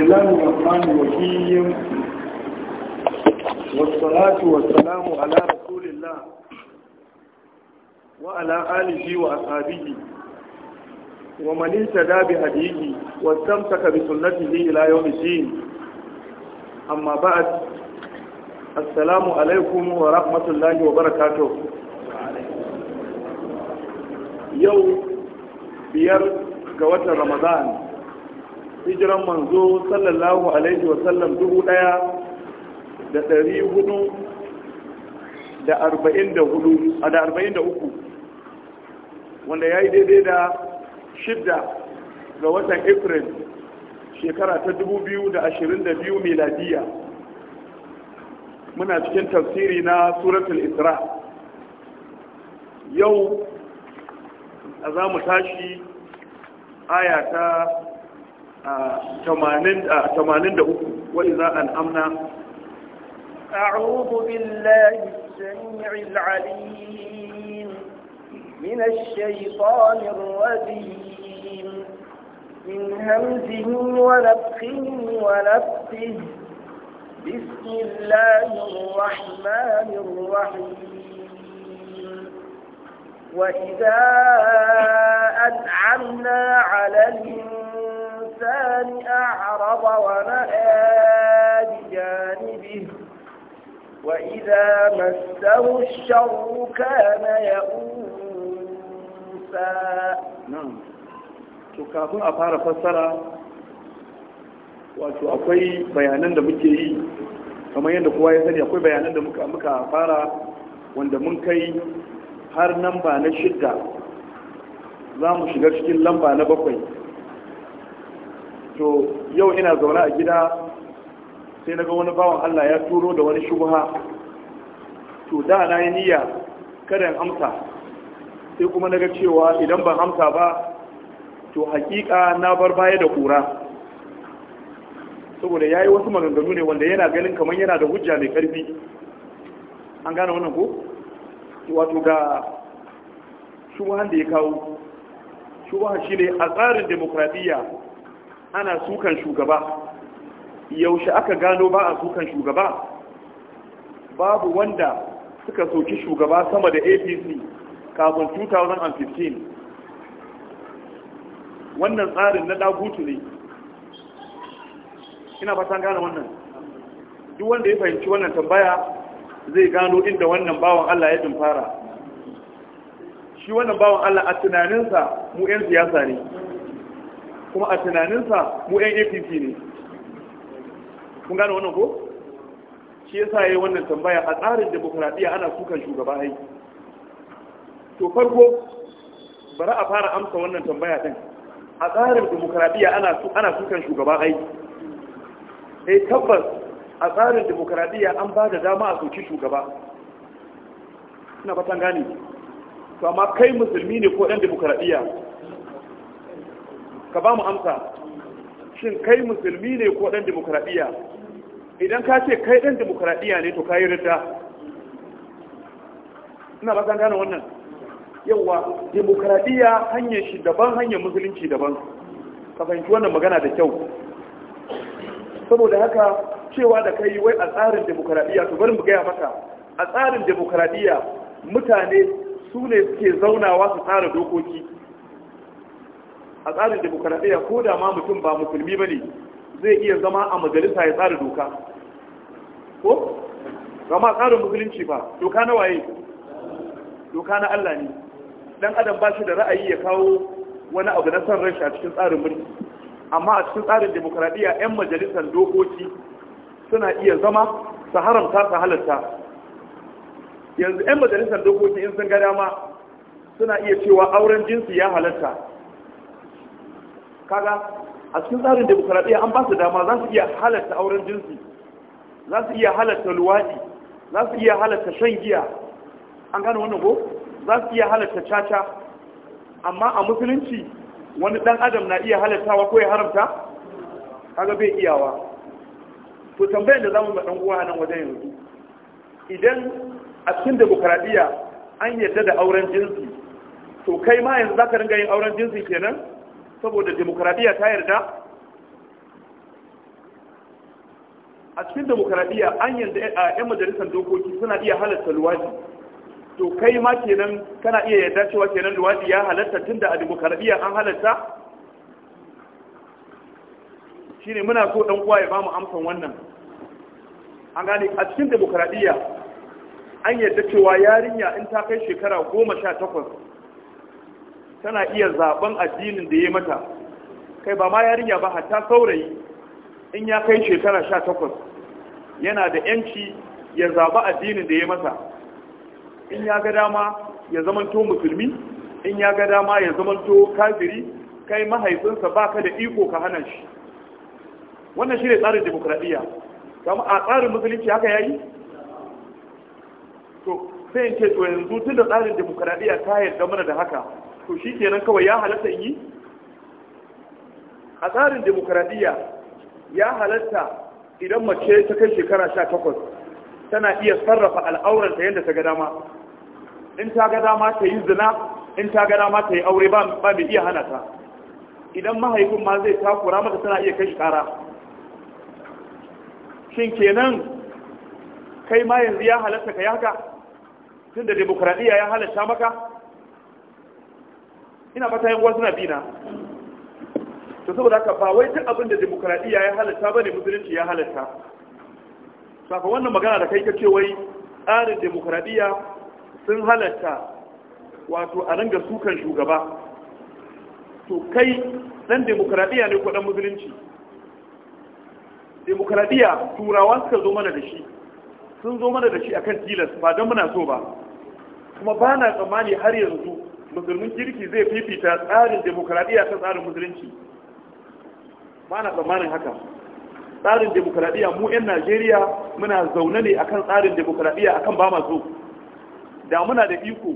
الله الرحمن الرحيم والصلاة والسلام على رسول الله وعلى آله وأصحابه ومن اهتدى بهديه واستمسك بسنته إلى يوم الدين أما بعد السلام عليكم ورحمة الله وبركاته يوم بير جوات رمضان hijiran manzo sallallahu alaihi wasallam dubu daya da dari hudu da arba'in da hudu a da arba'in da uku wanda ya yi daidai da shidda ga watan april shekara ta dubu biyu da ashirin da biyu meladiya muna cikin tafsiri na suratul isra yau a za mu tashi aya ta 83 آه، آه، وإذا أنأمنا أعوذ بالله السميع العليم من الشيطان الرجيم من همزه ونفخه ونفخه بسم الله الرحمن الرحيم وإذا أنعمنا على الإنسان الإنسان أعرض ونأى بجانبه وإذا مسه الشر كان يؤوسا نعم kafin a fara fassara wato akwai bayanan da muke yi kamar yadda kowa ya sani akwai bayanan da muka muka fara wanda mun kai har namba na shidda za mu shiga cikin lamba na bakwai to yau ina zaune a gida sai na ga wani bawan Allah ya turo da wani shubha to da na yi niyya kada in amsa sai kuma na ga cewa idan ban amsa ba to hakika na bar baya da kura saboda ya yi wasu maganganu ne wanda yana ganin kamar yana da hujja mai karfi an gane wannan ko wato ga shubuhan da ya kawo shubuhan shi ne a tsarin demokradiyya ana sukan shugaba yaushe aka gano ba a sukan shugaba babu wanda suka soki shugaba sama da apc kafin 2015 wannan tsarin na dagutu ne ina fatan gane wannan duk wanda ya fahimci wannan tambaya zai gano inda wannan bawan allah ya fara. shi wannan bawan allah a tunaninsa mu 'yan siyasa ne kuma a tunaninsa mu yan apc ne kun gane wannan ko shi ya ya yi wannan tambaya a tsarin demokradiyya ana sukan shugaba ai to farko bari a fara amsa wannan tambaya din a tsarin demokradiyya ana su ana sukan shugaba ai eh tabbas a tsarin demokradiyya an ba da dama a soki shugaba ina batan gane to amma kai musulmi ne ko ɗan demokradiyya ka ba mu amsa shin kai musulmi ne ko ɗan demokradiyya idan ka ce kai ɗan demokradiyya ne to ka yi ridda ina ba gane wannan yawa demokradiyya hanyar shi daban hanyar musulunci daban ka fahimci wannan magana da kyau saboda haka cewa da kai wai a tsarin demokradiyya to bari mu gaya maka a tsarin demokradiyya mutane su ne suke zaunawa su tsara dokoki a tsarin demokaradiyya ko da ma mutum ba musulmi ba ne zai iya zama a majalisa ya tsara doka ko ma tsarin musulunci ba doka na waye doka na allah ne dan adam ba shi da ra'ayi ya kawo wani abu na son ranshi a cikin tsarin mulki amma a cikin tsarin demokaradiyya 'yan majalisar dokoki suna iya zama su haramta su halarta yanzu 'yan majalisar dokoki in sun ga dama suna iya cewa auren jinsi ya halatta kaga a cikin tsarin demokradiyya an ba su dama za su iya halatta auren jinsi za su iya halatta luwaɗi za su iya halatta shan giya an gane wannan ko za su iya halatta caca amma a musulunci wani ɗan adam na iya halattawa ko ya haramta kaga bai iyawa to tambayar da za mu ɗan uwa nan wajen yanzu idan a cikin demokradiyya an yarda da auren jinsi to kai ma yanzu za ka ringa yin auren jinsi kenan saboda demokradiyya ta yarda a cikin demokradiyya an yanda a 'yan majalisar dokoki suna iya halatta luwadi to kai ma kenan kana iya yarda cewa kenan luwadi ya halatta tun da a demokradiyya an halatta shi ne muna so ɗan ya ba mu amsan wannan an gane a cikin demokradiyya an yarda cewa yarinya in ta kai shekara goma sha takwas tana iya zaben addinin da ya mata kai ba ma yarinya ba hatta saurayi in ya kai shekara sha takwas yana da yanci ya zaba addinin da ya mata. in ya ga dama ya zamanto musulmi in ya ga dama ya zamanto kafiri kai mahaifinsa baka da iko ka hana shi wannan shi ne tsarin demokradiyya kama a tsarin musulunci haka ya yi to sai in ce to yanzu tun da tsarin demokradiyya ta yadda mana da haka to shi kenan kawai ya halatta yi a tsarin demokradiyya ya halatta idan mace ta kai shekara sha takwas tana iya sarrafa al'auranta yadda ta ga dama in ta ga dama ta yi zina in ta ga dama ta yi aure ba mai iya hana ta idan mahaifin ma zai takura mata tana iya kai shekara shin kenan kai ma yanzu ya halatta ka yi haka tun da ya halatta maka ina ba ta yin wasu na bina to saboda haka ba wai duk abin da demokradiyya ya halatta ba ne musulunci ya halatta saka wannan magana da kai kace wai tsarin demokradiyya sun halatta wato a ranga sukan shugaba to kai dan demokradiyya ne ko dan musulunci demokradiyya turawa suka zo mana da shi sun zo mana da shi akan tilas ba don muna so ba kuma ba na tsammani har yanzu musulmin kirki zai fifita tsarin demokradiyya ta tsarin musulunci ba na tsammanin haka tsarin demokradiyya mu 'yan najeriya muna zaune ne akan tsarin demokradiyya akan ba masu da muna da iko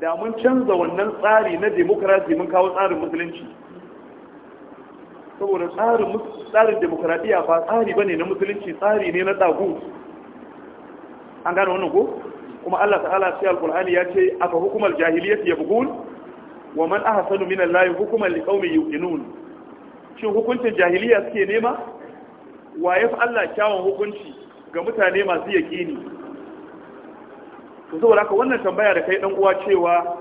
da mun canza wannan tsari na demokrasi mun kawo tsarin musulunci saboda tsarin demokradiyya ba tsari ba ne na musulunci tsari ne na tsago an gane wannan ko? kuma Allah ta'ala sai alqur'ani ya ce afa hukumar jahiliyyati yabghun wa man ahsanu min hukuman liqaumin yuqinun shin hukuncin jahiliya suke nema wa yafi Allah kyawun hukunci ga mutane masu yaqini to saboda haka wannan tambaya da kai dan uwa cewa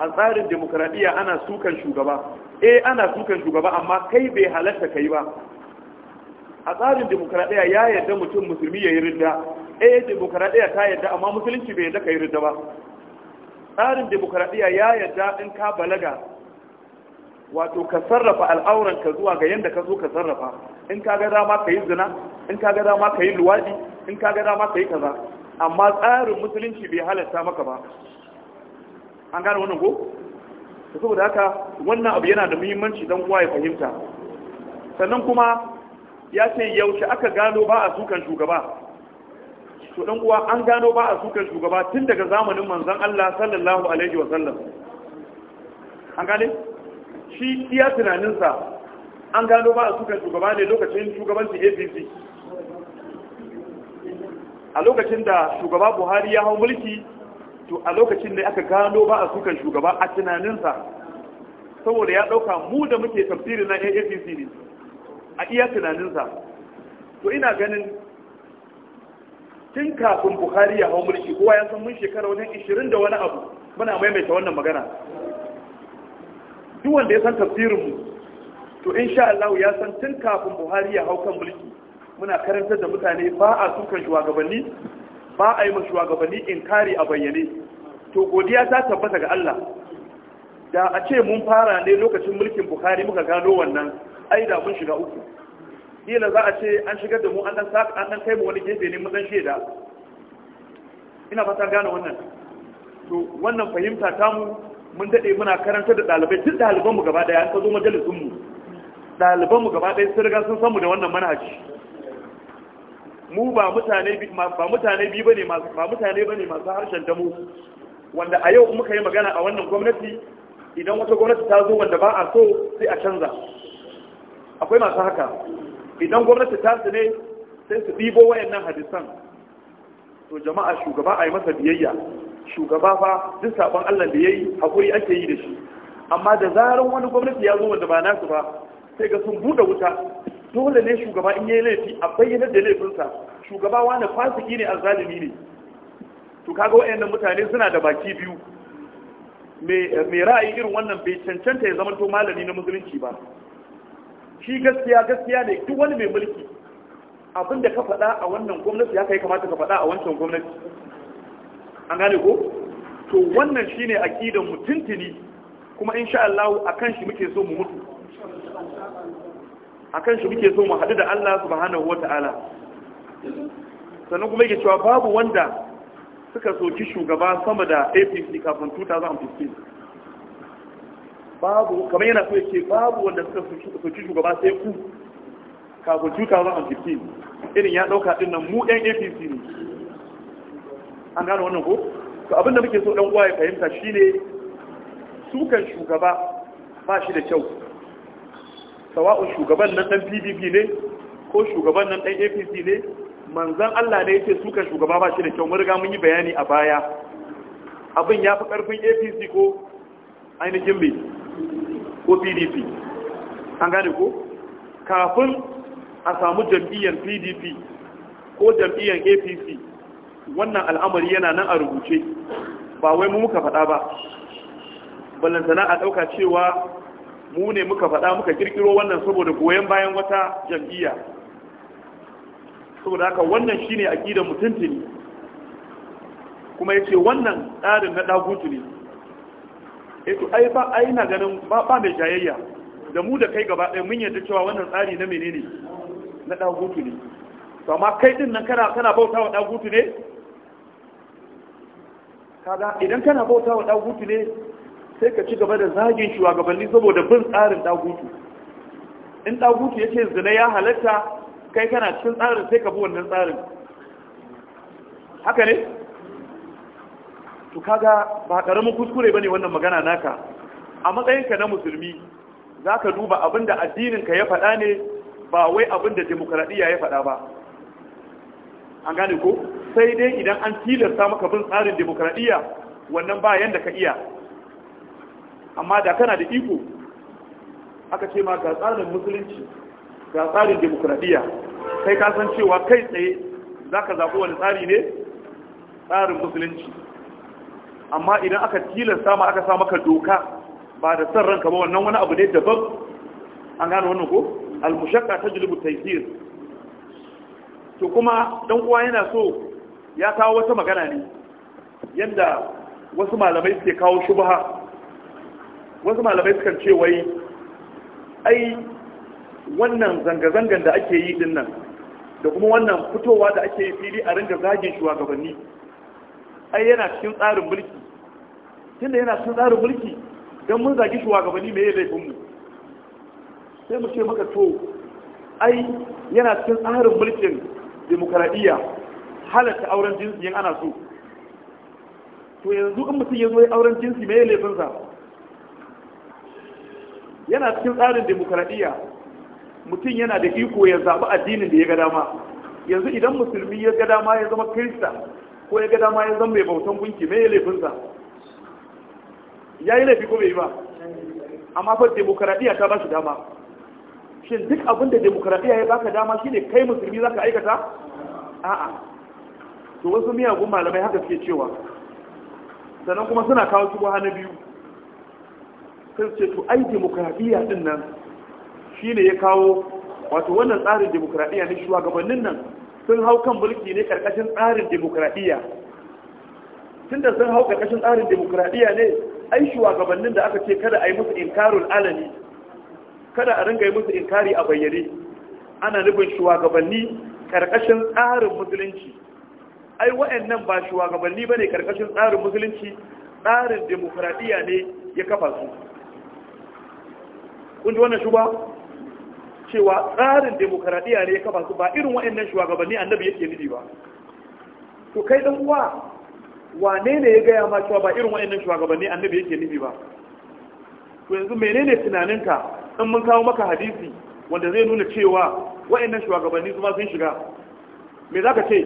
a tsarin demokradiyya ana sukan shugaba eh ana sukan shugaba amma kai bai halatta kai ba a tsarin demokaradiyya ya yarda mutum musulmi ya yi ridda eh demokaradiyya ta yarda amma musulunci bai yarda ka yi ridda ba tsarin demokaradiyya ya yarda in ka balaga wato ka sarrafa al'auran ka zuwa ga yadda ka zo ka sarrafa in ka ga dama ka yi zina in ka ga dama ka yi luwaɗi, in ka ga dama ka yi kaza amma tsarin musulunci bai halatta maka ba an gane wannan ko saboda haka wannan abu yana da muhimmanci don uwa ya fahimta sannan kuma ya ce yaushe aka gano ba a sukan shugaba to dan uwa an gano ba a sukan shugaba tun daga zamanin manzon Allah sallallahu alaihi wasallam an gane shi iya tunaninsa an gano ba a sukan shugaba ne lokacin shugabancin APC a lokacin da shugaba Buhari ya hau mulki to a lokacin ne aka gano ba a sukan shugaba a tunaninsa saboda ya dauka mu da muke tafsirin na APC ne a iya tunaninsa to ina ganin tun kafin buhari ya hau mulki kowa ya san mun shekara wajen ishirin da wani abu muna maimaita wannan magana duk wanda ya san tafsirinmu to sha Allah ya san tun kafin buhari ya hau kan mulki muna karantar da mutane ba a sukan shugabanni ba a yi ma shugabanni in kare a bayyane to godiya ta tabbata ga Allah da a ce mun fara ne lokacin mulkin buhari muka gano wannan ai da mun shiga uku kila za a ce an shigar da mu an dan an dan kai mu wani gefe ne mun dan sheda ina fata gane wannan to wannan fahimta ta mu mun dade muna karanta da dalibai duk daliban mu gaba daya an ka zo majalisin mu daliban mu gaba daya sun riga sun san mu da wannan manhaji mu ba mutane ba mutane bi bane masu ba mutane bane masu harshen damu wanda a yau muka yi magana a wannan gwamnati idan wata gwamnati ta zo wanda ba a so sai a canza akwai masu haka idan gwamnati ta su ne sai su ɗibo nan hadisan to jama'a shugaba a yi masa biyayya shugaba fa duk sabon Allah da ya yi hakuri ake yi da shi amma da zarar wani gwamnati ya zo wanda ba nasu ba sai ga sun buɗe wuta dole ne shugaba in yayi laifi a bayyana da laifinsa shugaba wani fasiki ne al-zalimi ne to kaga wayannan mutane suna da baki biyu mai ra'ayi irin wannan bai cancanta ya zama to malami na musulunci ba shi gaskiya gaskiya ne duk wani mai mulki abin da ka faɗa a wannan gwamnati ya kai kamata ka faɗa a wancan gwamnati an gane ko to wannan shine aqidar mutuntuni kuma insha Allah akan shi muke so mu mutu akan shi muke so mu haɗu da Allah subhanahu wata'ala sannan kuma yake cewa babu wanda suka soki shugaba sama da APC kafin 2015 babu kamar yana so ce babu wanda suka su shugaba sai ku kafin 2015 irin ya ɗauka din nan mu ɗan apc ne an gano wannan ko to abin da muke so ɗan uwa ya fahimta shine sukan shugaba ba shi da kyau sawa'un shugaban nan ɗan pdp ne ko shugaban nan ɗan apc ne manzan allah ne yake sukan shugaba ba shi da kyau mun riga mun yi bayani a baya abin ya fi ƙarfin apc ko ainihin mai ko pdp an gane ko kafin a samu jam'iyyar pdp ko jam'iyyar apc wannan al'amari yana nan a rubuce ba wai mu muka faɗa ba ballantana a ɗauka cewa mu ne muka faɗa muka kirkiro wannan saboda goyon bayan wata jam'iyya saboda haka wannan shine akidar mutuntuni kuma yace wannan tsarin na dagutu ne eto eh ai ba ai na ganin ba ba mai jayayya da mu da kai gaba ɗaya mun yarda cewa wannan tsari na menene na dagutu ne to amma kai din nan kana kana bauta wa dagutu ne kaga idan kana bauta wa dagutu ne sai ka ci gaba da zagin shugabanni saboda bin tsarin dagutu in dagutu yace zina ya halatta kai kana cikin tsarin sai ka bi wannan tsarin haka ne to kaga ba karamin kuskure bane wannan magana naka a matsayinka na musulmi zaka duba abinda addinin ka ya faɗa ne ba wai abinda demokradiya ya faɗa ba an gane ko sai dai idan an tilasta maka bin tsarin demokradiya wannan ba yanda ka iya amma da kana da iko aka ce ma ga tsarin musulunci ga tsarin demokradiya kai ka san cewa kai tsaye zaka ka zaɓi wani tsari ne tsarin musulunci amma idan aka tilasta ma aka sa maka doka ba da san ranka ba wannan wani abu ne daban an gane wannan ko al mushakka tajlibu taysir to kuma dan uwa yana so ya kawo wata magana ne yanda wasu malamai suke kawo shubha wasu malamai suka ce wai ai wannan zanga-zangan da ake yi din da kuma wannan fitowa da ake yi fili a ringa zagin shugabanni ai yana cikin tsarin mulki tunda yana cikin tsarin mulki don mun zagi shugabanni mai laifin mu sai mu ce maka to ai yana cikin tsarin mulkin demokaradiyya halatta auren jinsi yin ana so to yanzu in mutum ya zo ya auren jinsi mai laifinsa yana cikin tsarin demokaradiyya mutum yana da iko ya zaɓi addinin da ya ga dama yanzu idan musulmi ya ga dama ya zama kirista ko ya ga dama ya zama mai bautan gunki mai ya laifinsa ya yi laifi ko bai ba amma fa demokaradiyya ta ba shi dama shin duk abin da demokaradiyya ya baka dama shine kai musulmi zaka aikata a'a to wasu miyagun malamai haka suke cewa sannan kuma suna kawo su na biyu sai ce to ai demokaradiyya din nan shine ya kawo wato wannan tsarin demokaradiyya ne shugabannin nan sun hau kan mulki ne karkashin tsarin demokradiyya tunda sun hau karkashin tsarin demokradiyya ne ai shugabannin da aka ce kada a yi musu inkarul alani kada a ringa yi musu inkari a bayyane ana nufin shugabanni karkashin tsarin musulunci ai wa'annan ba shugabanni bane karkashin tsarin musulunci tsarin demokradiyya ne ya kafa su kun ji wannan shuba cewa tsarin demokaradiyya ne ya kafa su ba irin wa'annan shugabanni annabi yake nidi ba to kai dan uwa wane ne ya gaya ma cewa ba irin wa'annan shugabanni annabi yake nidi ba to yanzu menene tunaninka in mun kawo maka hadisi wanda zai nuna cewa wa'annan shugabanni su ma sun shiga me zaka ce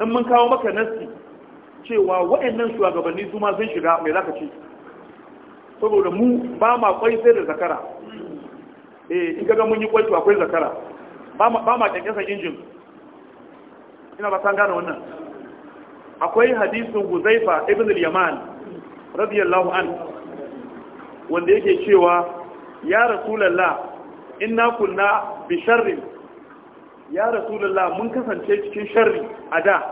in mun kawo maka nasi cewa wa'annan shugabanni su ma sun shiga me zaka ce saboda mu ba ma kwai sai da zakara eh in kaga mun yi kwai akwai zakara ba ma ba injin ina ba san gane wannan akwai hadisin Huzaifa ibn al-Yaman radiyallahu an wanda yake cewa ya rasulullah inna kunna bi sharri ya rasulullah mun kasance cikin sharri a da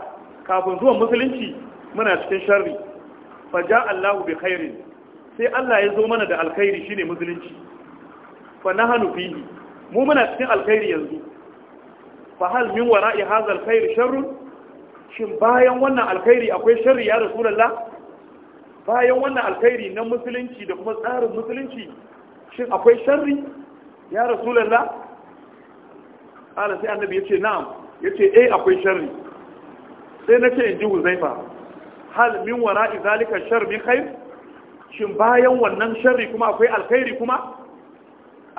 kafin zuwan musulunci muna cikin sharri fa ja Allahu bi khairin sai Allah ya zo mana da alkhairi shine musulunci fa na hannu fihi mu muna cikin alkhairi yanzu fa halmin min wara'i haza alkhairi sharrun shin bayan wannan alkhairi akwai sharri ya rasulullah bayan wannan alkhairi na musulunci da kuma tsarin musulunci shin akwai sharri ya rasulullah ala sai annabi ce na'am Ya ce eh akwai sharri sai na ce in ji huzaifa hal min wara'i zalika sharri khair shin bayan wannan sharri kuma akwai alkhairi kuma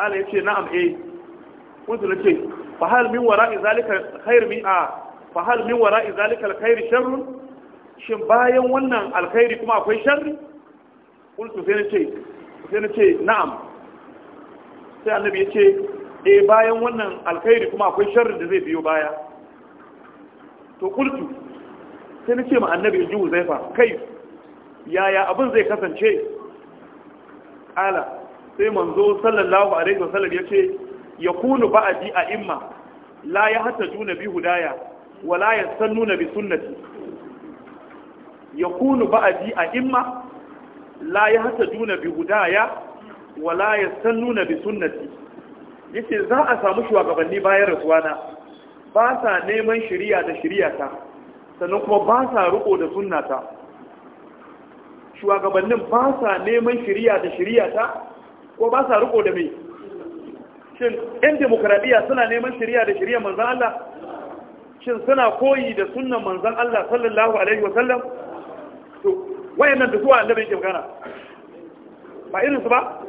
ala ya ce na'am eh kuntu na ce fahal min wara izalika khair min a fahal min wara izalika alkhair sharrun shin bayan wannan alkhairi kuma akwai sharri kuntu sai na ce sai na ce na'am sai annabi ya ce eh bayan wannan alkhairi kuma akwai sharri da zai biyo baya to kuntu sai na ce ma annabi ya ji huzaifa kai yaya abin zai kasance ala sai manzo sallallahu alaihi wasallam ya ce ya kunu ba'adi a imma la ya hata juna bi hudaya wala la ya sannuna bi sunnati ya kunu ba'adi a imma la ya hata juna bi hudaya wala la ya sannuna bi sunnati yace za a samu shugabanni bayan rasuwana ba sa neman shari'a da shari'ata sannan kuma ba sa riko da sunnata shugabannin ba sa neman shari'a da shari'ata ko ba sa riko da mai shin yan demokradiyya suna neman shirya da shirya manzan Allah shin suna koyi da sunan manzan Allah sallallahu alaihi wasallam to wayannan da suwa annabi ke magana ba irin su ba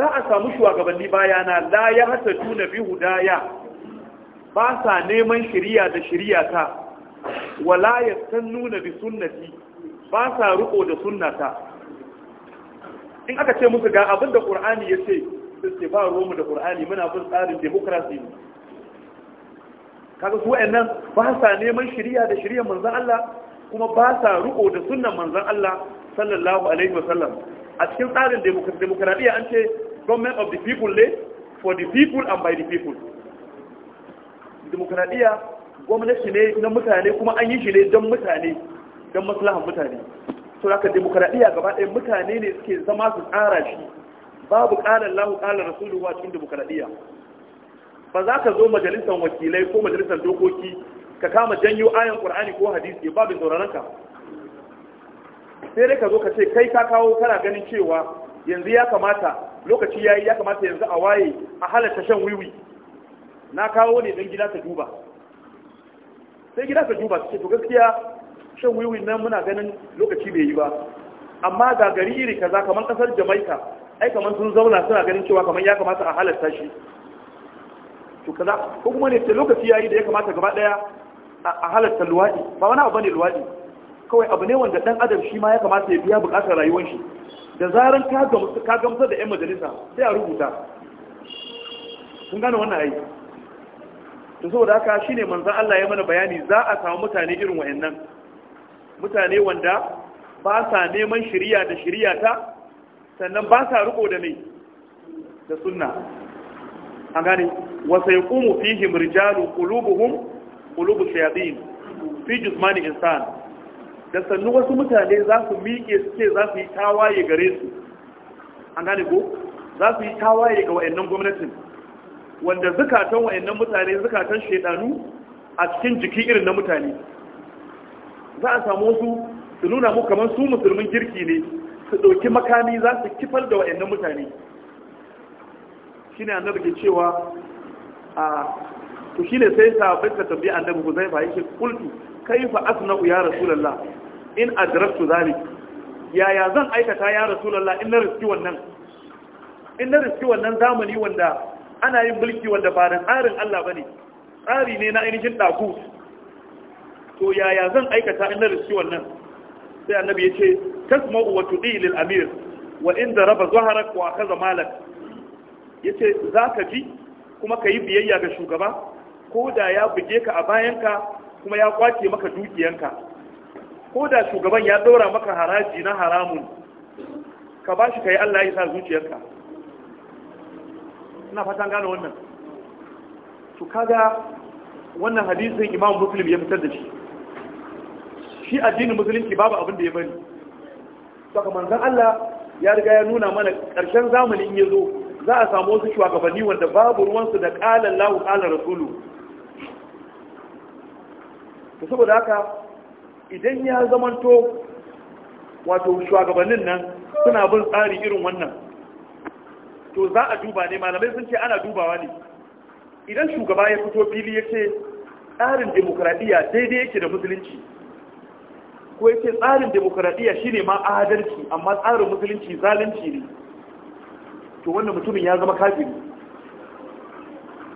za a samu shugabanni bayana la ya hata tuna bi hudaya ba sa neman shirya da shirya ta wala yastannu bi sunnati ba sa riko da sunnata in aka ce musu ga abin da ƙur'ani ya ce su ce ba ruwanmu da ƙur'ani muna bin tsarin demokrasi ne kaga su wa'annan ba sa neman shirya da shirya manzan Allah kuma ba sa riko da sunnan manzan Allah sallallahu alaihi wa sallam a cikin tsarin demokradiyya an ce government of the people ne for the people and by the people demokradiyya gwamnati ne na mutane kuma an yi shi ne don mutane don maslahan mutane to haka gaba ɗaya mutane ne suke zama su tsara shi babu ƙalar lahu ƙalar rasulun wa cikin demokradiyya ba za ka zo majalisar wakilai ko majalisar dokoki ka kama janyo ayan ƙur'ani ko hadisi babu sauraron ka sai dai ka zo ka ce kai ka kawo kana ganin cewa yanzu ya kamata lokaci yi ya kamata yanzu a waye a halarta shan wiwi na kawo ne don gida ta duba sai gida ta duba su ce to gaskiya shan wiwi nan muna ganin lokaci bai yi ba amma ga gari iri kaza kamar kasar jamaika ai kamar sun zauna suna ganin cewa kamar ya kamata a halatta shi to kaza ko kuma ne lokaci yayi da ya kamata gaba daya a halatta luwadi ba wani abu bane luwadi kawai abu ne wanda dan adam shi ma ya kamata ya biya bukatar rayuwar shi da zaran ka gamsu ka gamsar da yan majalisa sai a rubuta kun gane wannan ai to saboda haka shine manzon Allah ya mana bayani za a samu mutane irin wayannan mutane wanda ba sa neman shirya da shirya ta sannan ba sa riko da mai da sunna an gane wasa ya kumu himar rijalu qulubuhum qulubu shayatin fi jismani insan da sannu wasu mutane za su miƙe su ce za su yi tawaye gare su an gane ko za su yi tawaye ga wayannan gwamnatin wanda zukatan wayannan mutane zukatan shedanu a cikin jiki irin na mutane za a samu wasu su nuna mu kamar su musulmin kirki ne su ɗauki makami za su kifar da wa'annan mutane shi ne annabi ke cewa a to shi ne sai sahabbai suka tambayi annabi ku zai fahishi kultu kai fa asna'u ya lalla in adraktu zalik yaya zan aikata ya rasu in na riski wannan in na riski wannan zamani wanda ana yin mulki wanda ba da tsarin Allah bane tsari ne na ainihin ɗaku to yaya zan aikata in na riski wannan sai annabi ya ce tasma'u wa tudi lil amir wa inda raba zaharak wa akaza malak ya ce za ka ji kuma ka yi biyayya ga shugaba ko da ya buge ka a bayanka kuma ya kwace maka dukiyanka ko da shugaban ya ɗora maka haraji na haramun ka ba shi ka yi allah ya sa zuciyarka ina fatan gane wannan to kaga wannan hadisin imam muslim ya fitar da shi shi addinin musulunci babu abin da ya bari saka manzon Allah ya riga ya nuna mana ƙarshen zamani in zo za a samu wasu shugabanni wanda babu ruwansu da qala Allahu qala rasulu Ta saboda haka idan ya zamanto wato shugabannin nan suna bin tsari irin wannan to za a duba ne malamai sun ce ana dubawa ne idan shugaba ya fito fili ya ce tsarin demokradiyya daidai yake da musulunci ko yake tsarin demokradiyya shine ma adalci amma tsarin musulunci zalunci ne to wannan mutumin ya zama kafiri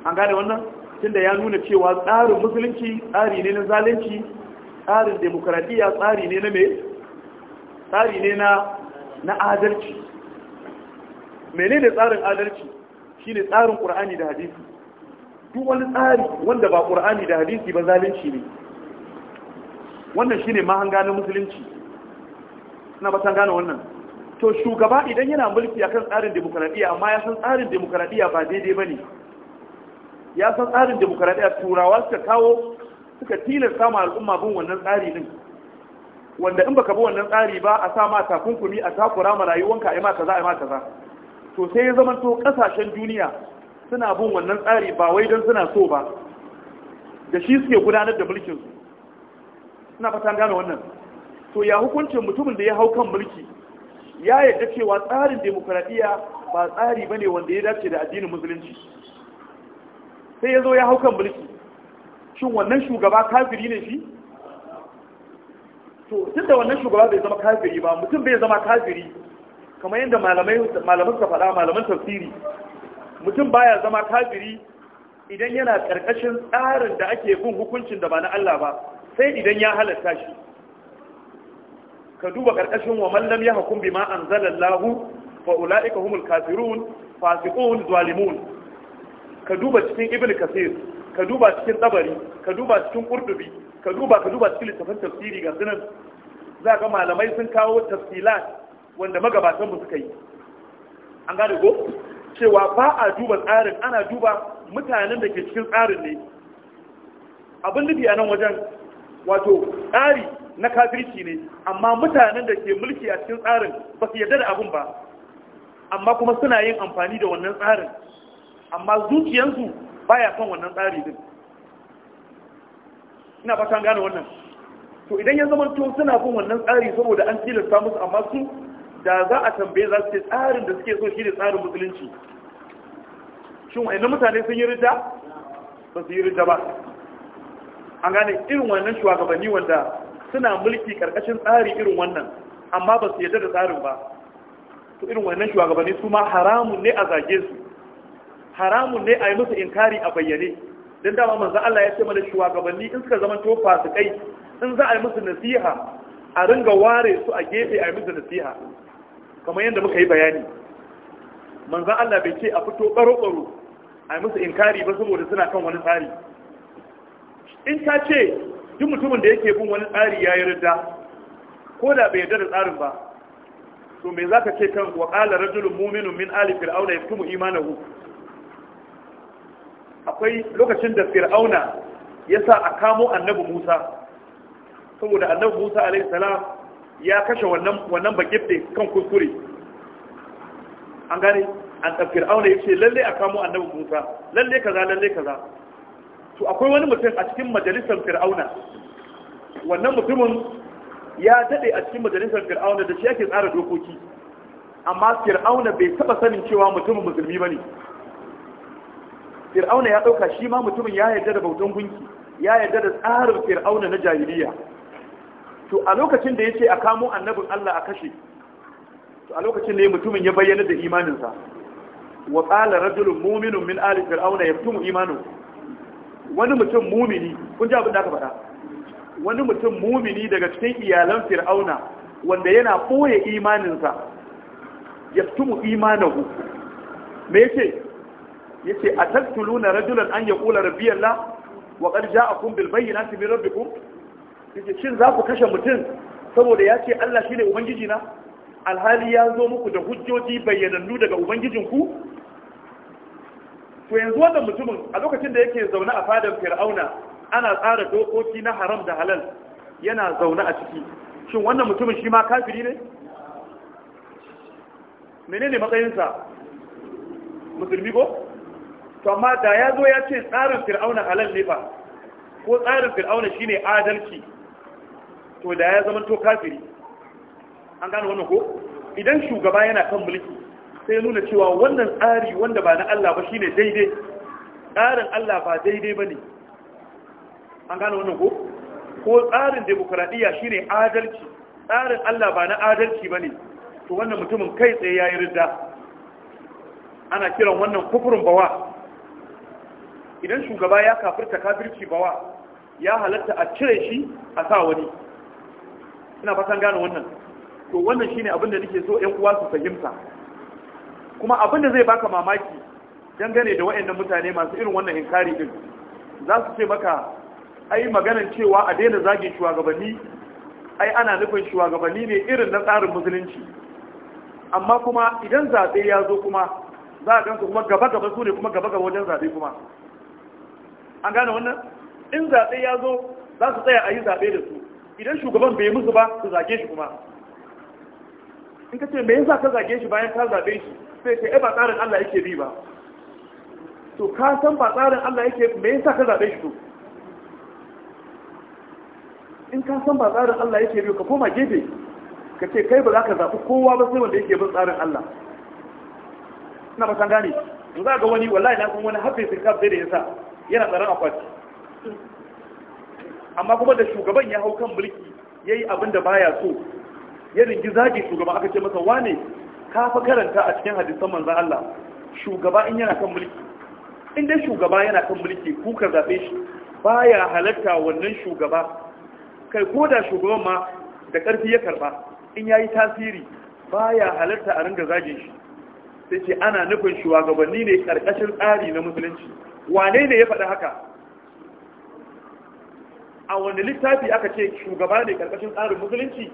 an gane wannan tunda ya nuna cewa tsarin musulunci tsari ne na zalunci tsarin demokradiyya tsari ne na me tsari ne na na adalci menene tsarin adalci shine tsarin qur'ani da hadisi duk wani tsari wanda ba qur'ani da hadisi ba zalunci ne wannan shine mahanga ganin musulunci na ba san gane wannan to shugaba idan yana mulki a kan tsarin demokradiya amma ya san tsarin demokradiya ba daidai ba ne, ya san tsarin demokradiya turawa suka kawo suka tilasta ma al'umma bin wannan tsari din wanda in baka bi wannan tsari ba a sa ma takunkumi a takura ma rayuwanka a ai ma kaza yi ma kaza to sai ya zama to kasashen duniya suna bin wannan tsari ba wai don suna so ba da shi suke gudanar da mulkinsu suna fata gane wannan to ya hukuncin mutumin da ya hau kan mulki ya yadda cewa tsarin demokradiyya ba tsari bane wanda ya dace da addinin musulunci sai ya zo ya hau kan mulki shin wannan shugaba kafiri ne shi to tun da wannan shugaba bai zama kafiri ba mutum bai zama kafiri kamar yadda malamai malaman ka faɗa tafsiri mutum baya zama kafiri idan yana karkashin tsarin da ake bin hukuncin da ba na Allah ba sai idan ya halatta shi ka duba karkashin wa ya lam yahkum bima anzalallahu fa ulaika humul kafirun fasiqun zalimun ka duba cikin ibnu kasir ka duba cikin tabari ka duba cikin qurtubi ka duba ka duba cikin littafin tafsiri ga sunan za ga malamai sun kawo tafsilat wanda magabatan mu suka yi an gane ko cewa ba a duba tsarin ana duba mutanen da ke cikin tsarin ne abin nufi a nan wajen wato tsari na kafirci ne amma mutanen da ke mulki a cikin tsarin ba su yarda da abin ba amma kuma suna yin amfani da wannan tsarin amma zuciyarsu baya kan wannan tsari din ina fatan gane wannan to idan ya zama to suna kan wannan tsari saboda an tilasta musu amma su da za a tambaye za su ce tsarin da suke so shi ne tsarin musulunci shin wa'annan mutane sun yi rita ba su yi rita ba an gane irin wannan shugabanni wanda suna mulki karkashin tsari irin wannan amma ba su yarda da tsarin ba to irin wannan shugabanni su ma haramun ne a zage su haramun ne a yi musu inkari a bayyane don dama manzo Allah ya ce mana shugabanni in suka zama su kai? in za a yi musu nasiha a ringa ware su a gefe a yi musu nasiha kamar yadda muka yi bayani manzan Allah bai ce a fito ɓaro-ɓaro a musu inkari ba saboda suna kan wani tsari in ta ce duk mutumin da yake bin wani tsari ya yi rida ko da bai yarda da tsarin ba to me za ka ce kan wa radulin rajulun muminin min ali fir'auna ya tumu imanahu akwai lokacin da fir'auna ya sa a kamo annabi musa saboda annabi musa alaihi salam ya kashe wannan wannan bakifte kan kuskure an gane an fir'auna ya ce lalle a kamo annabi musa lalle kaza lalle kaza to akwai wani mutum a cikin majalisar fir'auna wannan mutumin ya dade a cikin majalisar fir'auna da shi yake tsara dokoki amma fir'auna bai taba sanin cewa mutumin musulmi ba ne. fir'auna ya dauka shi ma mutumin ya yarda da bautan gunki ya yarda da tsarin fir'auna na jahiliya to a lokacin da yace a kamo annabin Allah a kashe to a lokacin ne mutumin ya bayyana da imaninsa wa qala rajulun mu'minun min ali fir'auna yaktumu imanu wani mutum mumini kun ji abin da aka faɗa wani mutum mumini daga cikin iyalan fir'auna wanda yana boye imaninsa yaktumu imanahu me yake yace ataktuluna rajulan an yaqula rabbi allah wa qad ja'akum bil bayyinati min rabbikum yace shin za ku kashe mutum saboda ya ce Allah shine ubangiji na alhali ya zo muku da hujjoji bayyanannu daga ubangijinku to yanzu wannan mutumin a lokacin da yake zaune a fadar fir'auna ana tsara dokoki na haram da halal yana zaune a ciki shin wannan mutumin shi ma kafiri ne menene matsayinsa musulmi ko to amma da ya zo ya ce tsarin fir'auna halal ne ba ko tsarin fir'auna shine adalci to da ya zama to kafiri an gane wannan ko idan shugaba yana kan mulki sai nuna cewa wannan tsari wanda ba na Allah ba shine daidai tsarin Allah ba daidai bane an gane wannan ko ko tsarin demokradiya shine adalci tsarin Allah ba na adalci bane to wannan mutumin kai tsaye yayi ridda ana kiran wannan kufurin bawa idan shugaba ya kafirta kafirci bawa ya halatta a cire shi a sa wani ina fatan gane wannan to wannan shine abin da nake so ƴan uwa su fahimta kuma abin da zai baka mamaki dangane da wa'annan mutane masu irin wannan inkari din za su ce maka ai maganan cewa a daina zagin shugabanni ai ana nufin shugabanni ne irin na tsarin musulunci amma kuma idan zaɓe ya zo kuma za a gansu kuma gaba-gaba su ne kuma gaba-gaba wajen zaɓe kuma an gane wannan in zaɓe ya zo za su tsaya a yi zaɓe da su idan shugaban bai musu ba su zage shi kuma in ka ce me yasa ka zage shi bayan ka zaɓe shi sai ka ba tsarin Allah yake bi ba to ka san ba tsarin Allah yake me yasa ka zabe shi to in ka san ba tsarin Allah yake bi ka koma gefe ka ce kai ba za ka zaɓi kowa ba sai wanda yake bin tsarin Allah ina ba san gani in za ga wani wallahi na kun wani hafe sun kafa da yasa yana tsaron akwati amma kuma da shugaban ya hau kan mulki ya yi abin da baya so ya ringi zagi shugaban aka ce masa wane kafa karanta a cikin hadisan manzon Allah shugaba in yana kan mulki in dai shugaba yana kan mulki kuka ka zabe shi baya halatta wannan shugaba kai ko da shugaban ma da ƙarfi ya karba in yayi tasiri baya halatta a ringa zagin shi sai ce ana nufin shugabanni ne karkashin tsari na musulunci wane ne ya faɗi haka a wani littafi aka ce shugaba ne karkashin tsarin musulunci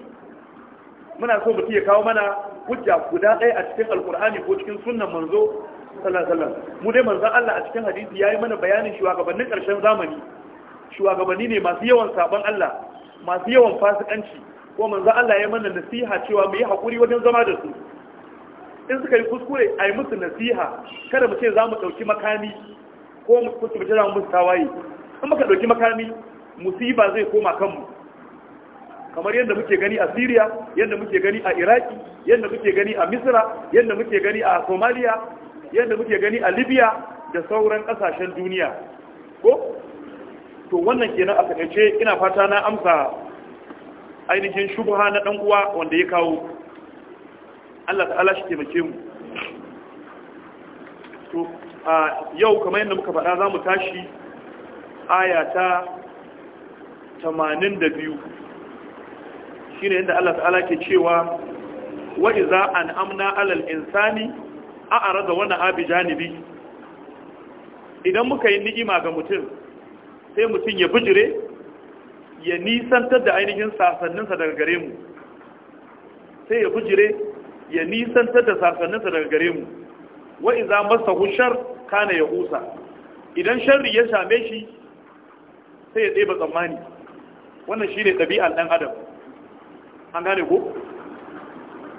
muna so mutum ya kawo mana hujja guda ɗaya a cikin alkur'ani ko cikin sunnan manzo sallallahu mu dai manzo Allah a cikin hadisi yayi mana bayanin shugabannin karshen zamani shugabanni ne masu yawan saban Allah masu yawan fasikanci ko manzo Allah ya mana nasiha cewa mu yi hakuri wajen zama da su in suka yi kuskure a yi musu nasiha kada mu ce za mu ɗauki makami ko mu kuskure za mu musu tawaye in muka ɗauki makami musiba zai koma kanmu kamar yadda muke gani a Syria yadda muke gani a Iraki yadda muke gani a Misra yadda muke gani a Somaliya, yadda muke gani a Libya da sauran kasashen duniya ko to wannan kenan a takaice ina fata na amsa ainihin shubha na dan uwa wanda ya kawo Allah ta'ala shi taimake mu to a yau kamar yadda muka faɗa za mu tashi aya ta 82 shine yadda Allah ta'ala ke cewa wa iza an'amna 'alal insani a'rada wa abi abu janibi idan muka yi ni'ima ga mutum sai mutum ya bijire ya nisantar da ainihin sasanninsa daga gare mu sai ya bijire ya nisantar da sasanninsa daga gare mu wa iza masahu shar kana ya husa idan sharri ya same shi sai ya ba tsammani wannan shine ne ɗabi'ar ɗan adam an gane ko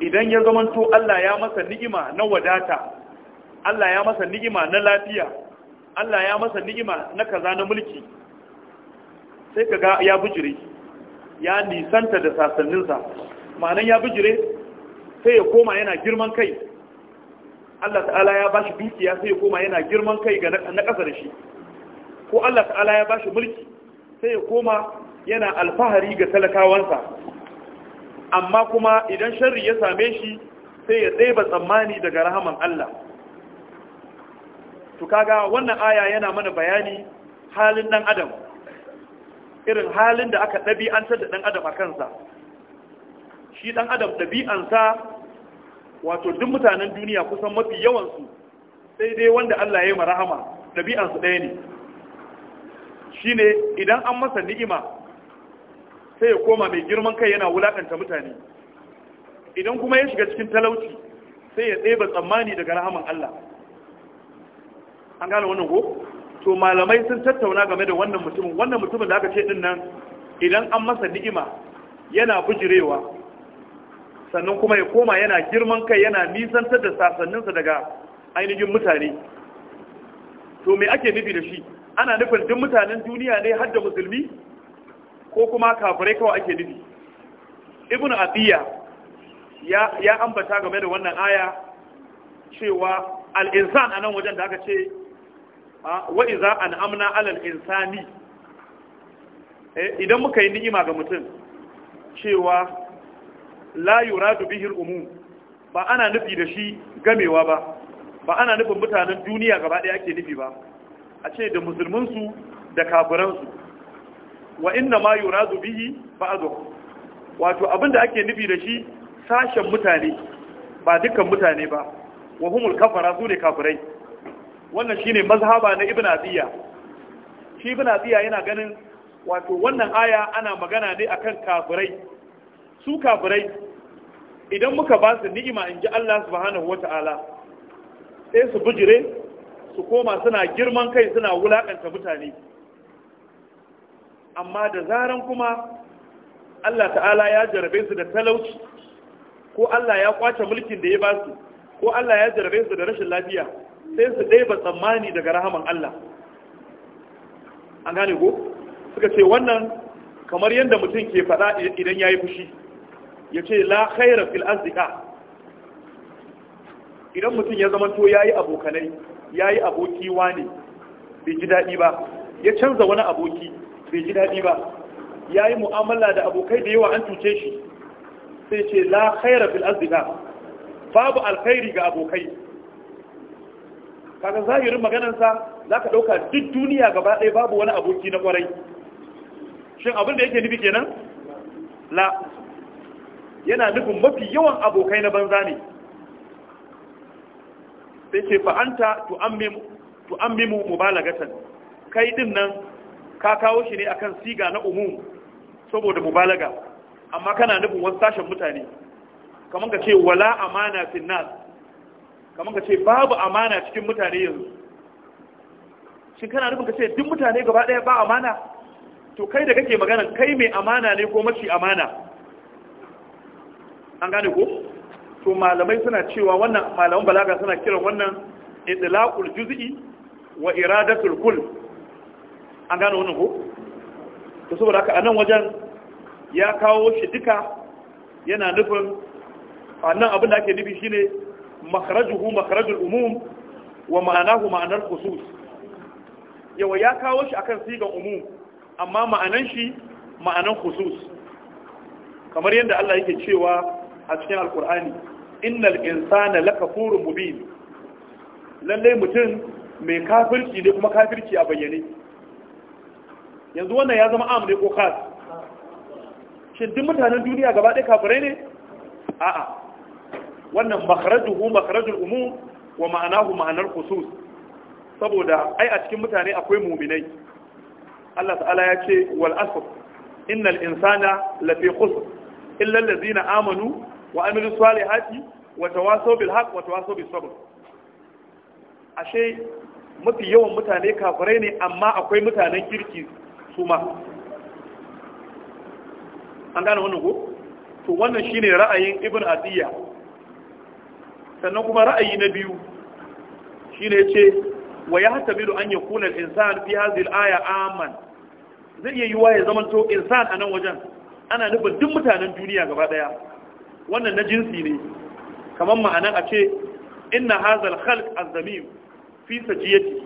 idan ya zamanto Allah ya masa ni'ima na wadata Allah ya masa ni'ima na lafiya Allah ya masa ni'ima na kaza na mulki sai kaga ya bujire ya nisanta da sasanninsa ma'anan ya bujire sai ya koma yana girman kai Allah ta'ala ya bashi dukiya sai ya koma yana girman kai ga na ƙasa da shi ko Allah ta'ala ya bashi mulki sai ya koma yana alfahari ga talakawansa amma kuma idan sharri ya same shi sai ya tseba tsammani daga rahaman Allah to kaga wannan aya yana mana bayani halin ɗan adam irin halin da aka ɗabi'antar da ɗan adam a kansa shi ɗan adam sa wato duk mutanen duniya kusan mafi yawansu sai dai wanda Allah ya yi marahama su ɗaya ne shi ne idan an masa ni'ima sai ya koma mai girman kai yana wulakanta mutane idan kuma ya shiga cikin talauci sai ya ɗeba tsammani daga rahaman Allah an gane wannan ko to malamai sun tattauna game da wannan mutumin wannan mutumin da aka ce din nan idan an masa ni'ima yana bujirewa sannan kuma ya koma yana girman kai yana nisantar da sasanninsa daga ainihin mutane to me ake nufi da shi ana nufin duk mutanen duniya ne har da musulmi ko kuma kafirai kawai ake nufi ibn abiya ya ya ambata game da wannan aya cewa al-insan anan wajen da aka ce wa iza an'amna 'alal insani eh, idan muka yi ni'ima ga mutum cewa la yuradu bihi al-umum ba ana nufi da shi gamewa ba ba ana nufin mutanen duniya gaba ɗaya ake nufi ba a ce da musulmansu da kafiransu wa inna ma yuradu bihi ba'dhu wato abinda ake nufi da shi sashen mutane ba dukkan mutane ba wa humul kafara sune kafirai wannan shine mazhaba na ibn abiya shi ibn abiya yana ganin wato wannan aya ana magana ne akan kafirai su kafirai idan muka ba su ni'ima inji Allah subhanahu wata'ala sai su bujire, su koma suna girman kai suna wulakanta mutane amma da zaran kuma Allah ta'ala ya jarabe su da talauci ko Allah ya kwace mulkin da ya ba su ko Allah ya jarabe su da rashin lafiya sai su ɗaya ba tsammani daga rahaman Allah an gane ko suka ce wannan kamar yadda mutum ke faɗa idan ya yi fushi ya ce la khaira fil arzika idan mutum ya zamanto ya yi abokanai ya yi aboki wane bai ji daɗi ba ya canza wani aboki bai ji daɗi ba ya yi mu'amala da abokai da yawa an cuce shi sai ce la khaira fil azdiqa babu alkhairi ga abokai kaga zahirin maganarsa za ka ɗauka duk duniya gaba ɗaya babu wani aboki na kwarai. shin abin da yake nufi kenan la yana nufin mafi yawan abokai na banza ne sai ce fa'anta tu'ammimu mubalagatan kai din nan ka kawo shi ne akan siga na umum saboda mubalaga amma kana nufin wasu sashen mutane kamar ka ce wala amana fi nas kamar ka ce babu amana cikin mutane yanzu shin kana nufin ka ce duk mutane gaba daya ba amana to kai da kake magana kai mai amana ne ko mace amana an gane ko to malamai suna cewa wannan malaman balaga suna kiran wannan idlaqul juz'i wa iradatul kull an gane wannan ko to saboda haka a nan wajen ya kawo shi duka yana nufin a abin da ake nufi shine makarajuhu makarajul umum wa ma'anahu ma'anar khusus yawa ya kawo shi akan sigan umum amma ma'anan shi ma'anan khusus kamar yadda Allah yake cewa a cikin alkur'ani innal insana lakafurun mubin lallai mutum mai kafirci ne kuma kafirci a bayyane yanzu wannan ya zama amurai ne ko khas shin duk mutanen duniya gaba ɗaya kafirai ne a'a wannan makharajuhu makharajul umu wa ma'anahu ma'anar kusur saboda ai a cikin mutane akwai muminai Allah ta'ala ya ce wal asr innal insana lafi khusr illa allazina amanu wa amilus salihati wa tawasaw bil haqq wa tawasaw bis sabr ashe mafi yawan mutane kafirai ne amma akwai mutanen kirki suma an gane wannan ko to wannan shine ra'ayin ibn adiyya sannan kuma ra'ayi na biyu shine yace wa ya yahtamilu an yakuna al-insan fi hadhihi al-aya aman zai iya yiwa ya zama to insan a nan wajen ana nufin duk mutanen duniya gaba daya wannan na jinsi ne kamar ma'anan a ce inna hazal khalq azamim fi sajiyati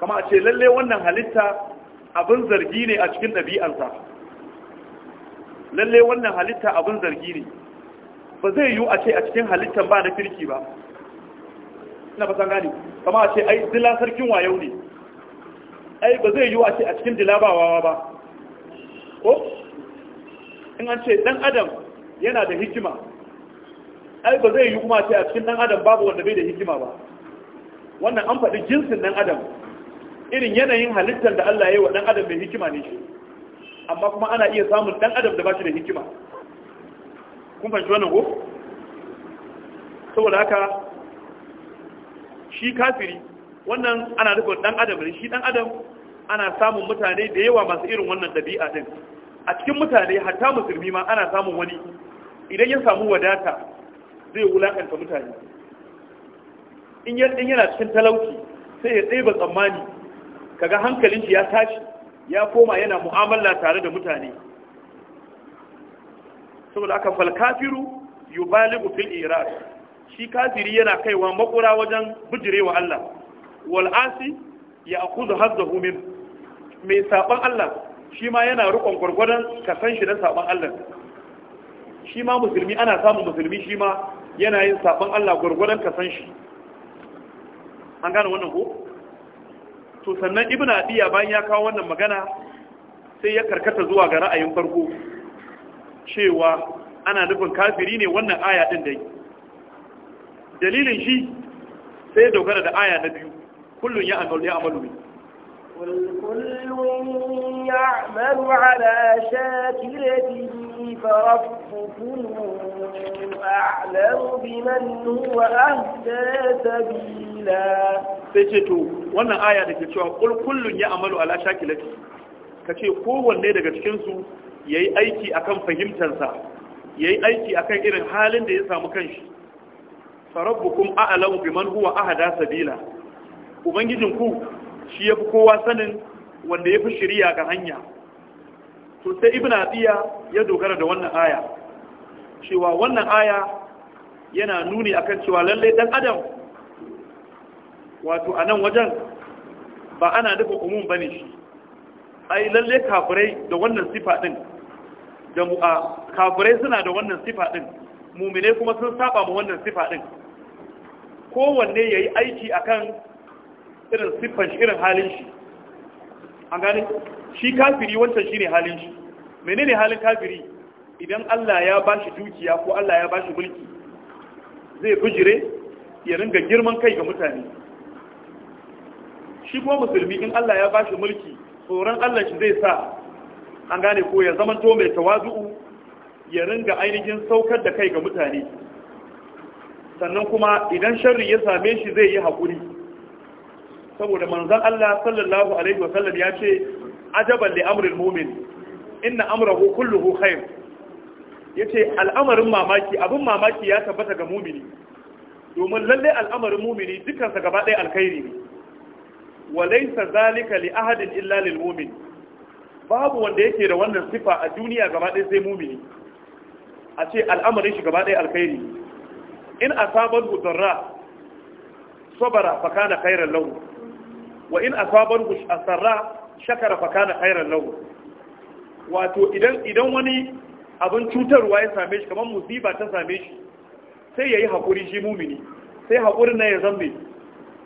kama a ce lalle wannan halitta abin zargi ne a cikin ɗabi'arsa lalle wannan halitta abin zargi ne ba zai yiwu a ce a cikin halittar ba na kirki ba na fasan gani kama a ce ai dila sarkin wayo ne ai ba zai yiwu a ce a cikin dila ba wawa ba ko in an ce dan adam yana da hikima ai ba zai yiwu kuma a ce a cikin dan adam babu wanda bai da hikima ba wannan an faɗi jinsin dan adam irin yanayin halittar da Allah ya yi wa ɗan adam mai hikima ne shi amma kuma ana iya samun ɗan adam da ba shi da hikima kun fahimci wannan ko saboda haka shi kafiri wannan ana nufin ɗan adam ne shi ɗan adam ana samun mutane da yawa masu irin wannan ɗabi'a ɗin a cikin mutane hatta musulmi ma ana samun wani idan ya samu wadata zai wulakanta mutane in yana cikin talauci sai ya ba tsammani kaga hankalin shi ya tashi ya koma yana mu'amala tare da mutane saboda aka fal kafiru yubaligu fil irad shi kafiri yana kaiwa makura wajen bijirewa Allah wal asi ya akuzu hazzahu min mai saban Allah shi ma yana rukon ka san shi na saban Allah shi ma musulmi ana samun musulmi shi ma yana yin saban Allah ka san shi an gane wannan ko to sannan ibn adiya bayan ya kawo wannan magana sai ya karkata zuwa ga ra'ayin farko cewa ana nufin kafiri ne wannan aya din dai dalilin shi sai dogara da aya na biyu kullun ya amalu ya amalu قل كل يعمل على شاكلته فربكم أعلم بمن هو أهدى سبيلا سيشتو وانا آية دكي قل كل يعمل على شاكلته daga cikinsu ya yi aiki akan fahimtarsa ya yi aiki akan irin halin da ya samu kanshi farabbukum a'lamu biman huwa ahada sabila ubangijinku shi ya fi kowa sanin wanda ya fi shirya ga hanya to sai ibn atiya ya dogara da wannan aya cewa wannan aya yana nuni akan cewa lallai dan adam wato a nan wajen ba ana nufin umun ne shi ai lalle kafirai da wannan sifa din da mu kafirai suna da wannan sifa din mumine kuma sun saba mu wannan sifa din kowanne ya yi aiki akan irin siffan shi irin halin shi an gane shi kafiri wancan shi ne halin shi menene halin kafiri idan Allah ya ba shi dukiya ko Allah ya ba shi mulki zai bujire ya ringa girman kai ga mutane shi kuma musulmi in Allah ya ba shi mulki tsoron Allah shi zai sa an gane ko ya zamanto mai tawazu'u ya ringa ainihin saukar da kai ga mutane sannan kuma idan sharri ya same shi zai yi haƙuri saboda manzon Allah sallallahu alaihi wasallam ya ce ajaban li amril mu'min inna amrahu kulluhu Ya yace al'amarin mamaki abin mamaki ya tabbata ga mu'mini domin lalle al'amarin mu'mini dukansa gaba ɗaya alkhairi ne wa laysa zalika li ahadin illa lil mu'min babu wanda yake da wannan sifa a duniya gaba ɗaya sai mu'mini a ce al'amarin shi gaba ɗaya alkhairi in asabar darra sabara fa kana khairan wa in asabar ku asarra shakara fa kana khairan lahu wato idan idan wani abin cutarwa ya same shi kamar musiba ta same shi sai yayi hakuri shi mumini sai haƙuri na ya zambe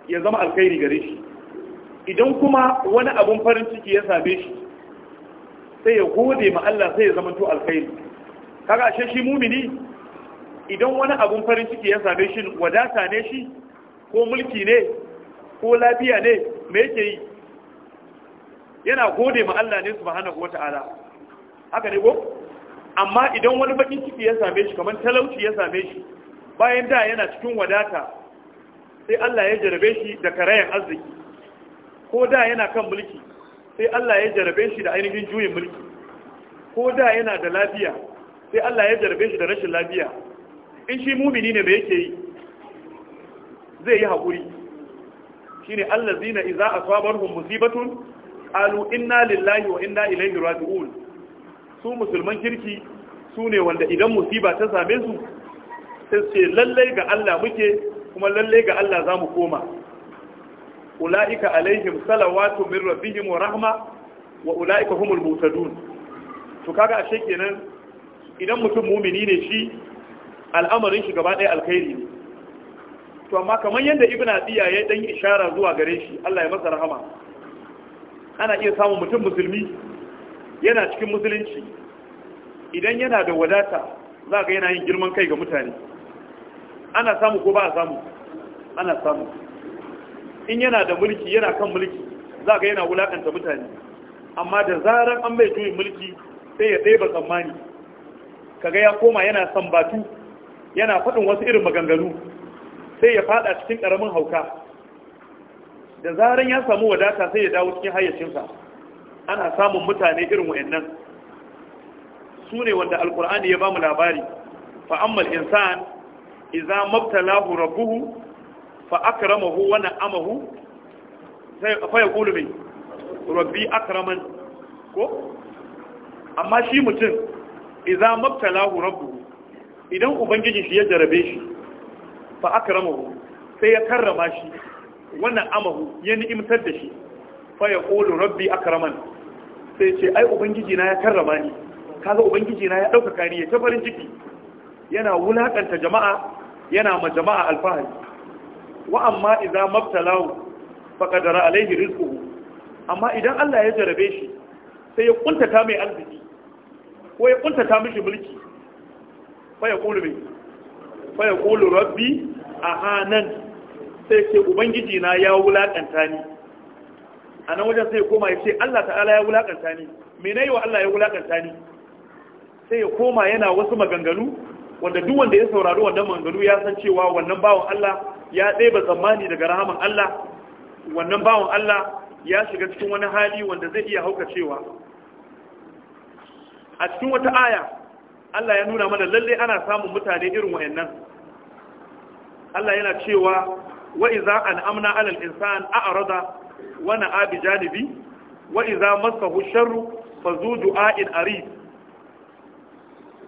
ya zama alkhairi gare shi idan kuma wani abin farin ciki ya same shi sai ya gode ma Allah sai ya zama to alkhairi kaga ashe shi mumini idan wani abin farin ciki ya same shi wadata ne shi ko mulki ne ko lafiya ne me yake yi yana gode ma Allah ne subhanahu wata'ala haka ne ko amma idan wani bakin ciki ya same shi kamar talauci ya same shi bayan da yana cikin wadata sai Allah ya jarabe shi da karayan arziki ko da yana kan mulki sai Allah ya jarabe shi da ainihin juyin mulki ko da yana da lafiya sai Allah ya jarabe shi da rashin lafiya in shi mumini ne mai yake yi zai yi haƙuri shine allazina idza asabarhum musibatun qalu inna lillahi wa inna ilaihi raji'un su musulman kirki su ne wanda idan musiba ta same su sai lallai ga Allah muke kuma lallai ga Allah za mu koma ula'ika alaihim salawatu min rabbihim wa rahma wa ula'ika humul mutadun to kaga ashe kenan idan mutum mumini ne shi al'amarin shi gaba ɗaya alkhairi ne to amma kamar yadda ibn adiya ya dan ishara zuwa gare shi Allah ya masa rahama ana iya samun mutum musulmi yana cikin musulunci idan yana da wadata za ka yana yin girman kai ga mutane ana samu ko ba a samu ana samu in yana da mulki yana kan mulki za ka yana wulakanta mutane amma da zarar an bai juyin mulki sai ya ɗaya ba tsammani kaga ya koma yana Batu yana faɗin wasu irin maganganu sai ya fada cikin karamin hauka da zaran ya samu wadata sai ya dawo cikin hayyacinsa ana samun mutane irin wa'annan su ne wanda alkur'ani ya ba mu labari fa ammal insan idza mabtalahu rabbuhu fa akramahu wa na'amahu sai fa yaqulu bi rabbi akraman ko amma shi mutum idza mabtalahu rabbuhu idan ubangiji shi ya jarabe shi fa akramahu sai ya karrama shi wannan amahu ya ni'imtar da shi fa ya qulu rabbi akraman sai ce ai ubangiji na ya karrama ni kaga ubangiji na ya dauka kari ya ta farin ciki yana wulakanta jama'a yana ma jama'a alfahari wa amma idza mabtalahu faqadara alaihi rizquhu amma idan Allah ya jarabe shi sai ya kuntata mai arziki ko ya kuntata mishi mulki fa ya qulu mai Faya kulu rabbi a hannun sai ce ubangiji na ya wulakanta ni a nan wajen sai ya koma ya ce Allah ta'ala ya wulakanta ni me yi wa Allah ya wulakanta ni sai ya koma yana wasu maganganu wanda duk wanda ya saurari wannan maganganu ya san cewa wannan bawan Allah ya ɗeba tsammani daga rahaman Allah wannan bawan Allah ya shiga cikin wani hali wanda zai iya haukacewa a cikin wata aya Allah ya nuna mana lalle ana samun mutane irin wayannan Allah yana cewa wa idza an'amna 'alal insan a'rada wa na'a bi janibi wa iza massahu sharru zu du'a'in arif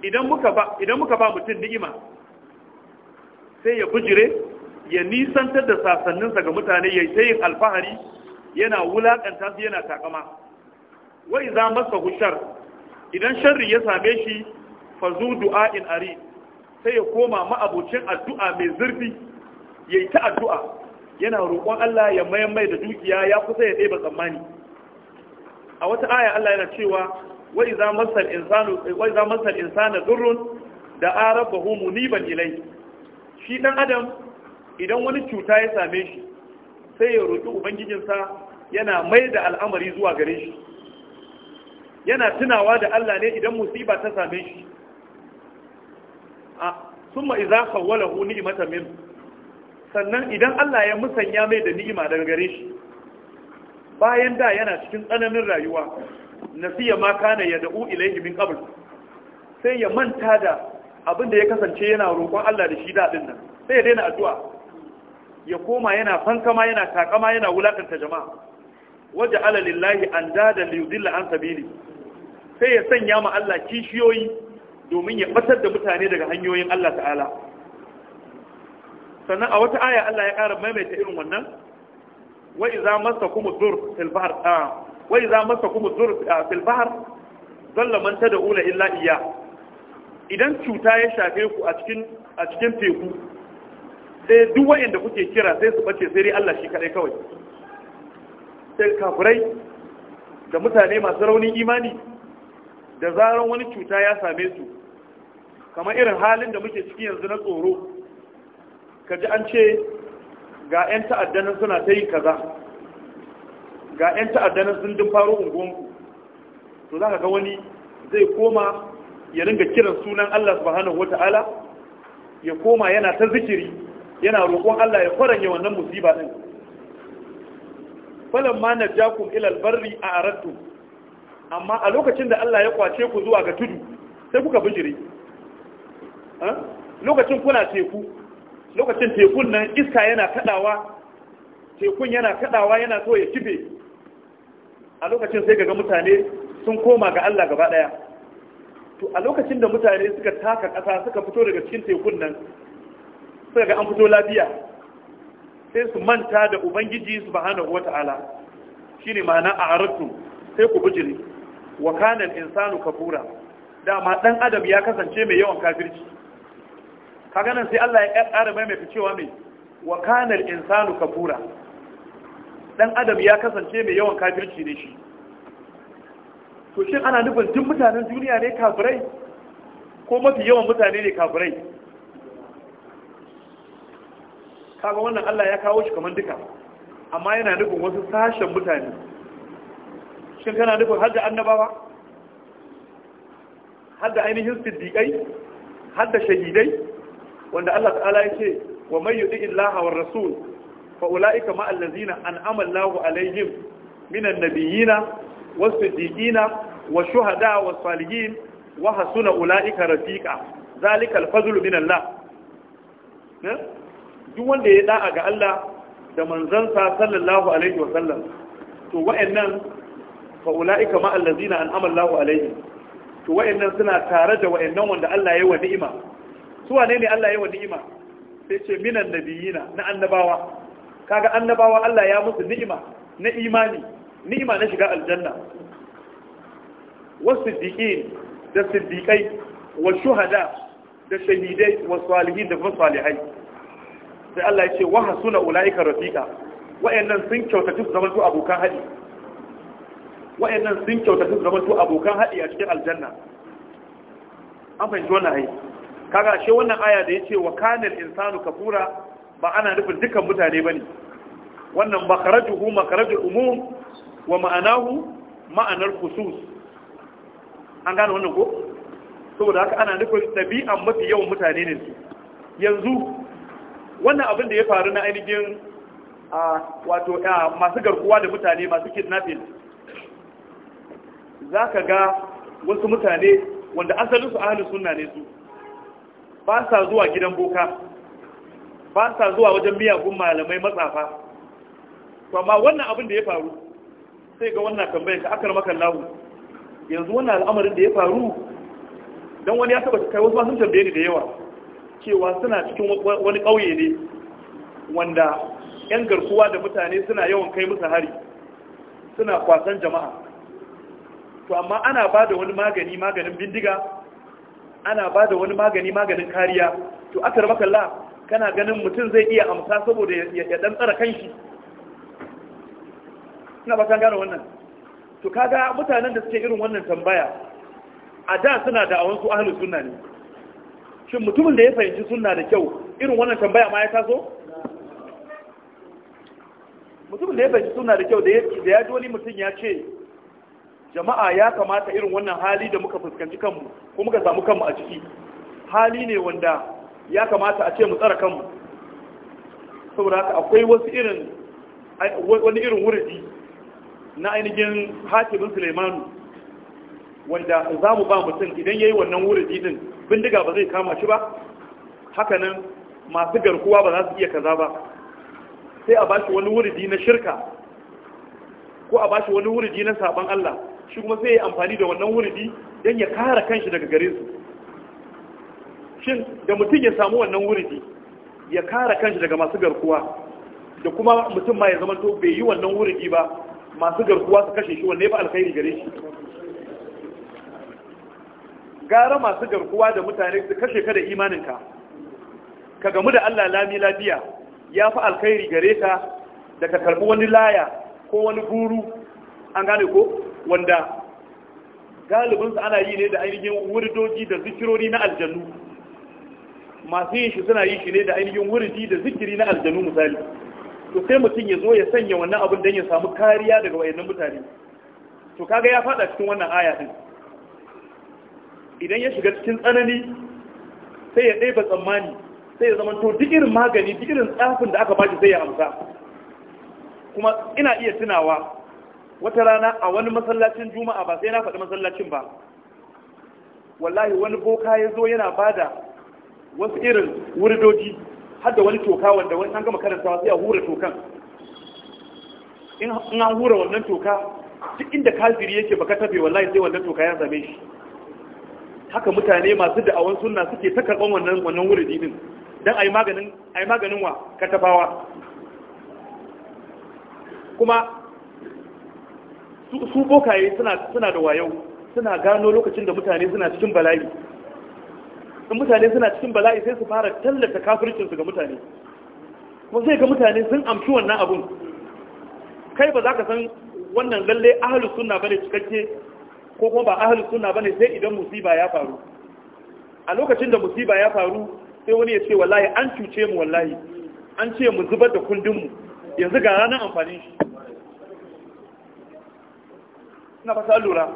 idan muka ba idan muka ba mutum ni'ima sai ya bujire ya nisantar da sasanninsa ga mutane ya sai alfahari yana wulakanta su yana takama wa iza massahu idan sharri ya same shi Fazu du'a du'a'in ari sai ya koma ma'abocin addu'a mai zurfi yayi ta addu'a yana roƙon Allah ya mayar mai da dukiya ya kusa ya ɗeba tsammani a wata aya Allah yana cewa wa iza masal insanu wa iza masal insana durrun da arabahu muniban ilai shi dan adam idan wani cuta ya same shi sai ya roƙi ubangijinsa yana mai da al'amari zuwa gare shi yana tunawa da Allah ne idan musiba ta same shi a summa idza khawwalahu mata min sannan idan Allah ya musanya mai da ni'ima daga gare shi bayan da yana cikin tsananin rayuwa nasiya ma kana yad'u ilai min qabl sai ya manta da abin da ya kasance yana roƙon Allah da shi daɗin nan sai ya daina addu'a ya koma yana fankama yana takama yana wulakanta jama'a waje alalillahi anda da liyudilla an sai ya sanya ma Allah kishiyoyi domin ya batar da mutane daga hanyoyin Allah ta'ala sannan a wata aya Allah ya ƙara maimaita irin wannan wa iza masa kuma zur fil bahr wa iza masakum illa iya. idan cuta ya shafe ku a cikin teku sai duk wanda kuke kira sai su bace sai dai Allah shi kaɗai kawai sai kafirai da mutane masu raunin imani da zaron wani cuta ya same su kamar irin halin da muke ciki yanzu na tsoro kaji ji an ce ga 'yan ta'addanin suna ta yi kaza ga 'yan ta'addanin sun din faro unguwanku to za ka ga wani zai koma ya ringa kiran sunan Allah subhanahu wata'ala ya koma yana ta zikiri yana roƙon Allah ya kwaranya wannan musiba din falan ma najakum ila albarri a aradtu amma a lokacin da Allah ya kwace ku zuwa ga tudu sai kuka bijire lokacin kuna teku lokacin tekun nan iska yana kadawa tekun yana kadawa yana so ya kibe a lokacin sai ga mutane sun koma ga Allah gaba daya to a lokacin da mutane suka taka kasa suka fito daga cikin tekun nan suka ga an fito lafiya sai su manta da ubangiji subhanahu wata'ala shine ma'ana a aratu sai ku bujire wa kana al-insanu kafura dama dan adam ya kasance mai yawan kafirci kaga nan sai Allah ya ƙara mai mai cewa mai wa kanal insanu kafura dan adam ya kasance mai yawan kafirci ne shi to shin ana nufin duk mutanen duniya ne kafirai ko mafi yawan mutane ne kafirai kaga wannan Allah ya kawo shi kamar duka amma yana nufin wasu sashen mutane shin kana nufin da annabawa hadda ainihin siddiƙai hadda shahidai wanda Allah ta'ala ya ce wa may yuti illaha wa rasul fa ulaika ma allazina an'ama Allahu alaihim minan nabiyina was siddiqina was shuhada was salihin wa hasuna ulaika rafiqa zalika al-fadlu min Allah duk wanda ya da'a ga Allah da manzansa sallallahu alaihi wa sallam to wa'annan fa ulaika ma an an'ama Allahu alaihim to wa'annan suna tare da wa'annan wanda Allah ya yi wa ni'ima su wane ne Allah ya wa ni'ima sai ce minan nabiyina na annabawa kaga annabawa Allah ya musu ni'ima na imani ni'ima na shiga aljanna wasu siddiqin da siddiqai wa shuhada da shahidai wa salihin da kuma salihai sai Allah ya ce wa hasuna ulaika rafiqa wayannan sun kyauta kyautatu zaman to abokan hadi wayannan sun kyauta kyautatu zaman to abokan hadi a cikin aljanna an fahimci wannan hai kaga shi wannan aya da yace wa kanal insanu kafura ba ana nufin dukan mutane bane wannan makarajuhu makarajul umum wa ma'anahu ma'anar khusus an gane wannan ko saboda haka ana nufin ɗabi'an mafi yawan mutane ne su yanzu wannan abin da ya faru na ainihin wato masu garkuwa da mutane masu kidnapping za ka ga wasu mutane wanda asalinsu ahalin sunna ne su ba sa zuwa gidan boka ba sa zuwa wajen miyagun malamai matsafa to amma wannan abin da ya faru sai ga wannan tambayar ka akar makan lahu yanzu wannan al'amarin da ya faru don wani ya saba kai wasu sun tambaye ni da yawa cewa suna cikin wani ƙauye ne wanda 'yan garkuwa da mutane suna yawan kai musu hari suna kwasan jama'a to amma ana ba da wani magani maganin bindiga ana ba da wani magani maganin kariya to aka rama kalla kana ganin mutum zai iya amsa saboda ya dan tsara kanshi ina ba kan gane wannan to kaga mutanen da suke irin wannan tambaya a da suna da awon su ahlus sunna ne shin mutumin da ya fahimci sunna da kyau irin wannan tambaya ma ya taso mutumin da ya fahimci sunna da kyau da ya ji wani mutum ya ce jama'a ya kamata irin wannan hali da muka fuskanci kanmu ko muka samu kanmu a ciki hali ne wanda ya kamata a ce mu tsara kanmu saboda haka akwai wasu irin wani irin na ainihin hakimin Suleimanu wanda za mu ba mutum idan ya yi wannan wuridi din bindiga ba zai kama shi ba hakanan masu garkuwa ba za su iya kaza ba sai a ba shi wani wuridi na shirka ko a ba shi wani wuridi na sabon Allah shi kuma sai ya amfani da wannan wuridi don ya kara kanshi daga gare su shin da mutum ya samu wannan wuridi ya kara kanshi daga masu garkuwa da kuma mutum ma ya zama to bai yi wannan wuridi ba masu garkuwa su kashe shi wanne ba alkhairi gare shi gara masu garkuwa da mutane su kashe ka da imaninka ka gamu da Allah lami lafiya ya fi alkhairi gare ka da ka karbi wani laya ko wani guru an gane ko wanda galibinsu ana yi ne da ainihin wurdoji da zikirori na aljanu masu yin shi suna yi shi ne da ainihin wuridi da zikiri na aljannu misali to sai mutum ya zo ya sanya wannan abin don ya samu kariya daga wayannan mutane to kaga ya fada cikin wannan aya din idan ya shiga cikin tsanani sai ya ɗaiba tsammani sai ya zama to duk irin magani duk irin tsafin da aka ba shi sai ya amsa kuma ina iya tunawa wata rana a wani masallacin juma'a ba sai na faɗi masallacin ba wallahi wani boka ya zo yana bada wasu irin wuridoji har da wani toka wanda wani an gama karantawa sai a hura tokan in an hura wannan toka duk inda kafiri yake baka tafe wallahi sai wannan toka ya zame shi haka mutane masu da'awan sunna suke ta karɓar wannan wannan wuridi din dan ai maganin ai maganin wa katabawa kuma su bokaye suna da wayo, suna gano lokacin da mutane suna cikin bala'i in mutane suna cikin bala'i sai su fara tallata kafircinsu ga mutane kuma sai ga mutane sun amshi wannan abun kai ba za ka san wannan lalle ahalus sunna bane cikakke ko kuma ba ahalus sunna bane sai idan musiba ya faru a lokacin da musiba ya faru sai wani ya ce wallahi an cuce mu wallahi an ce mu zubar da kundin mu yanzu ga ranar amfanin shi ina fata lura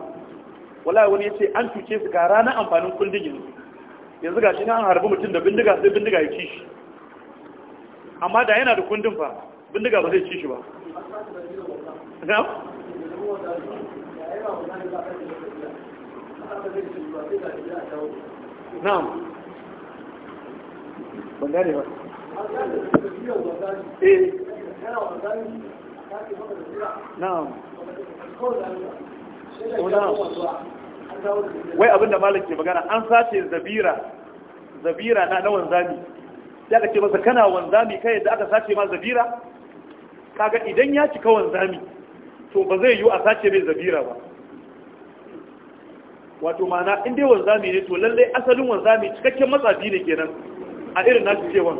wala wani ya ce an cuce su ga ranar amfanin kundin yanzu ga shi na an harbi mutum da bindiga sai bindiga ya ci shi amma da yana da kundin fa bindiga ba zai ci shi ba na'am ban gane ba eh. na'am wai abinda malam ke magana an sace zabira zabira na na wanzami sai aka ce masa kana wanzami kai da aka sace ma zabira kaga idan ya cika wanzami to ba zai yiwu a sace mai zabira ba wato mana in dai wanzami ne to lallai asalin wanzami cikakken matsafi ne kenan a irin nasu cewa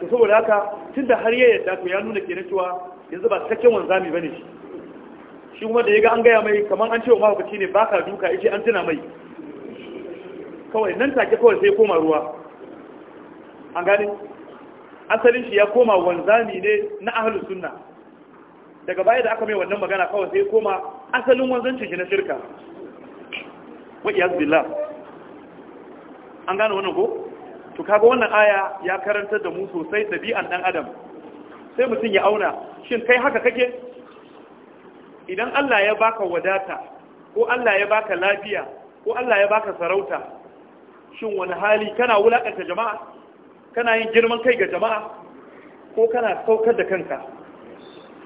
to saboda haka tunda har ya yadda ya nuna kenan cewa yanzu ba cikakken wanzami bane shi shi kuma da ya ga an gaya mai kamar an cewa mahaukaci ne ba ka duka ya ce an tuna mai kawai nan take kawai sai koma ruwa an gane asalin shi ya koma wanzami ne na ahlus sunna daga baya da aka mai wannan magana kawai sai koma asalin wanzancin shi na shirka wa iyaz billah an gane wannan ko to kaga wannan aya ya karanta da mu sosai dabi'an dan adam sai mutum ya auna shin kai haka kake idan Allah ya baka wadata ko Allah ya baka lafiya ko Allah ya baka sarauta shin wani hali kana wulakanta jama'a kana yin girman kai ga jama'a ko kana saukar da kanka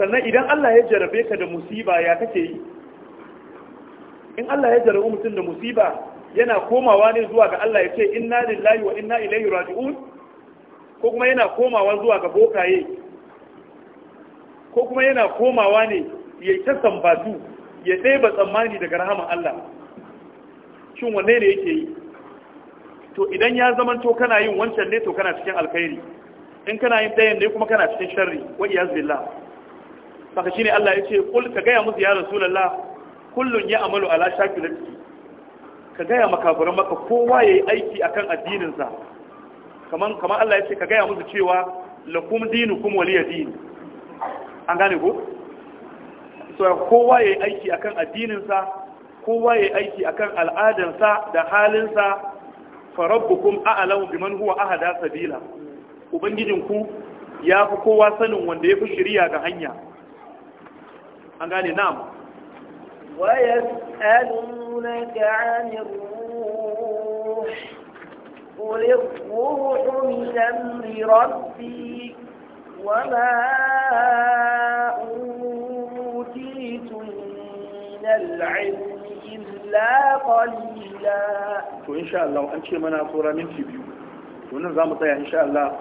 sannan idan Allah ya jarabe ka da musiba ya kake yi in Allah ya jarabe mutum da musiba yana komawa ne zuwa ga Allah ya ce inna lillahi wa inna ilaihi raji'un ko kuma yana komawa zuwa ga bokaye ko kuma yana komawa ne ya ta sambatu ya ɗeba tsammani daga rahaman Allah shin wanne ne yake yi to idan ya zamanto kana yin wancan ne to kana cikin alkhairi in kana yin ɗayan ne kuma kana cikin sharri wa iyaz billah saka shine Allah ya ce kul ka gaya musu ya rasulullah kullun ya amalu ala shakilati ka gaya makafuran maka kowa yayi aiki akan addinin sa kaman kaman Allah ya ce ka gaya musu cewa lakum dinukum waliyadin an gane ko kowa yayi yi aiki akan addininsa kowa yayi yi aiki akan al'adansa da halinsa farabbukum a'lamu biman huwa ahada sabila ku ya fi kowa sanin wanda ya fi shirya ga hanya an gane na'am wa yas'alunaka ruh qul ruhu min amri rabbi wa ma العلم إلا قليلا to insha Allah an ce mana tsora minti biyu to nan zamu tsaya insha Allah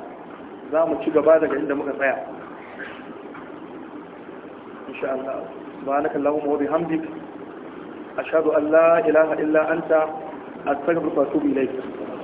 zamu ci gaba daga inda muka tsaya insha Allah subhanaka allahumma wa bihamdik ashhadu an la ilaha illa anta astaghfiruka wa atubu ilayk